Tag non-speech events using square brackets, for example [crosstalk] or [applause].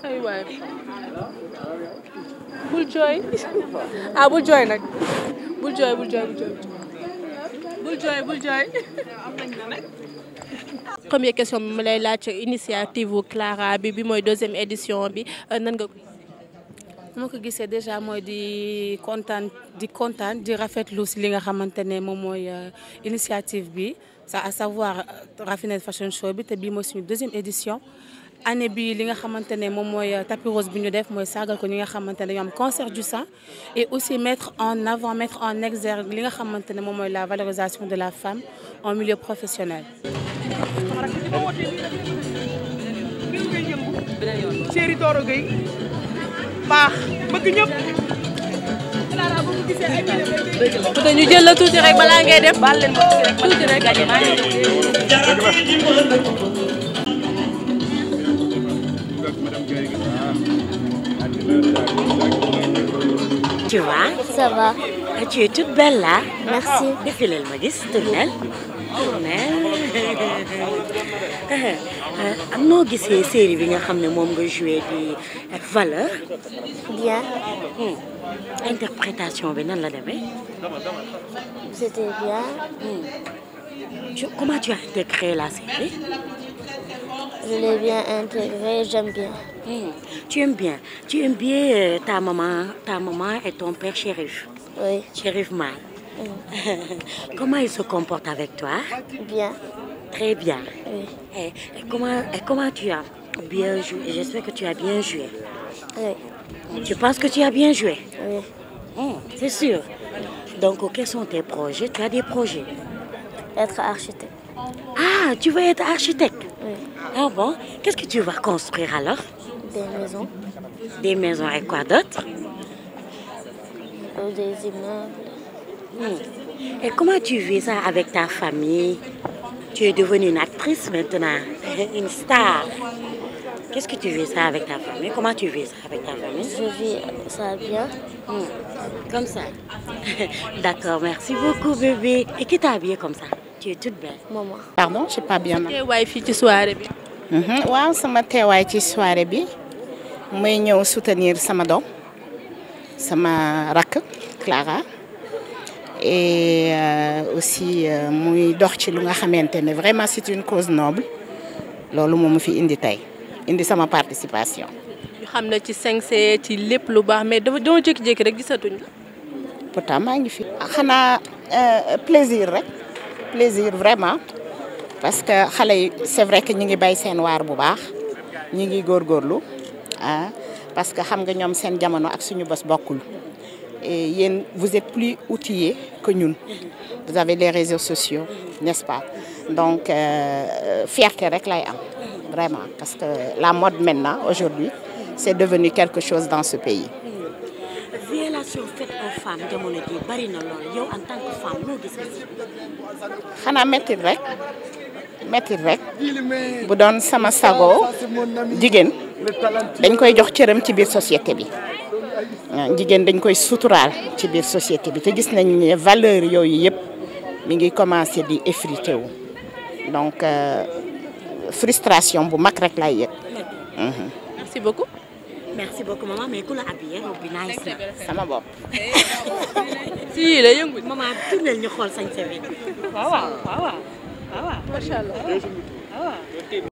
ay bul jooy ah bul jooy nag bul jooy bul jooy bul jooy bul jooy bul question bi mu lay laaj initiative Clara bi bi mooy deuxième édition bi euh, nan nga ma ko gisee déjà mooy di kontaan di kontaan di rafetlu si li nga xamante ne moom mooy euh, initiative bi ça à savoir euh, Raffinette Fashion Show bi te bii mooy suñu deuxième édition année bi li nga xamante ne moom mooy euh, tapis rose bi ñu def mooy sargal ko ñi nga xamante ne ñoo am cancer du sein et aussi mettre en avant mettre en exergue li nga xamante ne moom mooy la valorisation de la femme en milieu professionnel. tu vas Ça va. Ah, tu es toute belle là. Merci. Défilez ma gis tournel. tournel. [laughs] am ah, noo gisee bi nga xam ne moom nga joué di valeur. bien. Hmm. interprétation bi nan la demee. c'était bien. Hmm. comment tu as intégré la série. Je l'ai bien intégré, j'aime bien. Mmh. Tu aimes bien. Tu aimes bien euh, ta maman, ta maman et ton père Chérif. Oui. Chérif Mal. Mmh. [laughs] comment il se comporte avec toi? Bien. Très bien. Oui. Et, eh, et comment et comment tu as bien joué? J'espère que tu as bien joué. Oui. Tu penses que tu as bien joué? Oui. Mmh, c'est sûr. Donc, quels sont tes projets? Tu as des projets? Être architecte. Ah, tu veux être architecte? Oui. Ah bon Qu'est-ce que tu construire alors Des maisons. Des maisons et quoi d'autre euh, Des immeubles. Hmm. tu vis ça avec ta famille Tu es devenue une actrice maintenant, [laughs] une star. quest tu vis ça avec ta famille Comment tu vis ça avec ta famille Je vis ça bien. Mmh. Comme ça. [laughs] D'accord, beaucoup bébé. Et qui t'a habillé comme Tu es toute belle. maman. pardon je sais pas bien. teewaay fii ci soirée bi. Mhm. waaw sama teewaay ci soirée bi mooy ñëw soutenir sama doom sama rakk Clara e aussi euh, muy dox ci lu nga xamante ne vraiment c'est une cause noble loolu moom mu fi indi tey indi sama participation. ñu xam na ci 5 ci lépp lu baax mais dafa dama jékki-jékki rek gisatuñ la. pourtant maa ngi fi. xanaa euh, plaisir rek. plaisir vraiment parce que xale yi c'est vrai que ñi ngi bay seen waar bu baax ñi ngi góorgóorlu ah parce que xam nga ñoom seen jamono ak suñu bés bokkul et yéen vous êtes plus outillés que ñun vous avez les réseaux sociaux n'est-ce pas donc euh, fierté rek lay am vraiment parce que la mode maintenant aujourd'hui c'est devenu quelque chose dans ce pays prostitution faite aux femmes xanaa métti rek métti rek bu doon sama sago jigéen dañ koy jox cëram ci biir société bi ah, jigéen dañ koy suturaal ci biir société bi te gis nañ ne valeur yooyu yëpp mu ngi commencé di effrité wu donc euh, frustration bu mag rek laay yëg merci beaucoup maman mais ku la habillé robe bi nice na sama bopp. si yii la yëngu. maman tuddal ñu xool sañ sa bi. waaw waaw waaw waaw. macha allah waaw.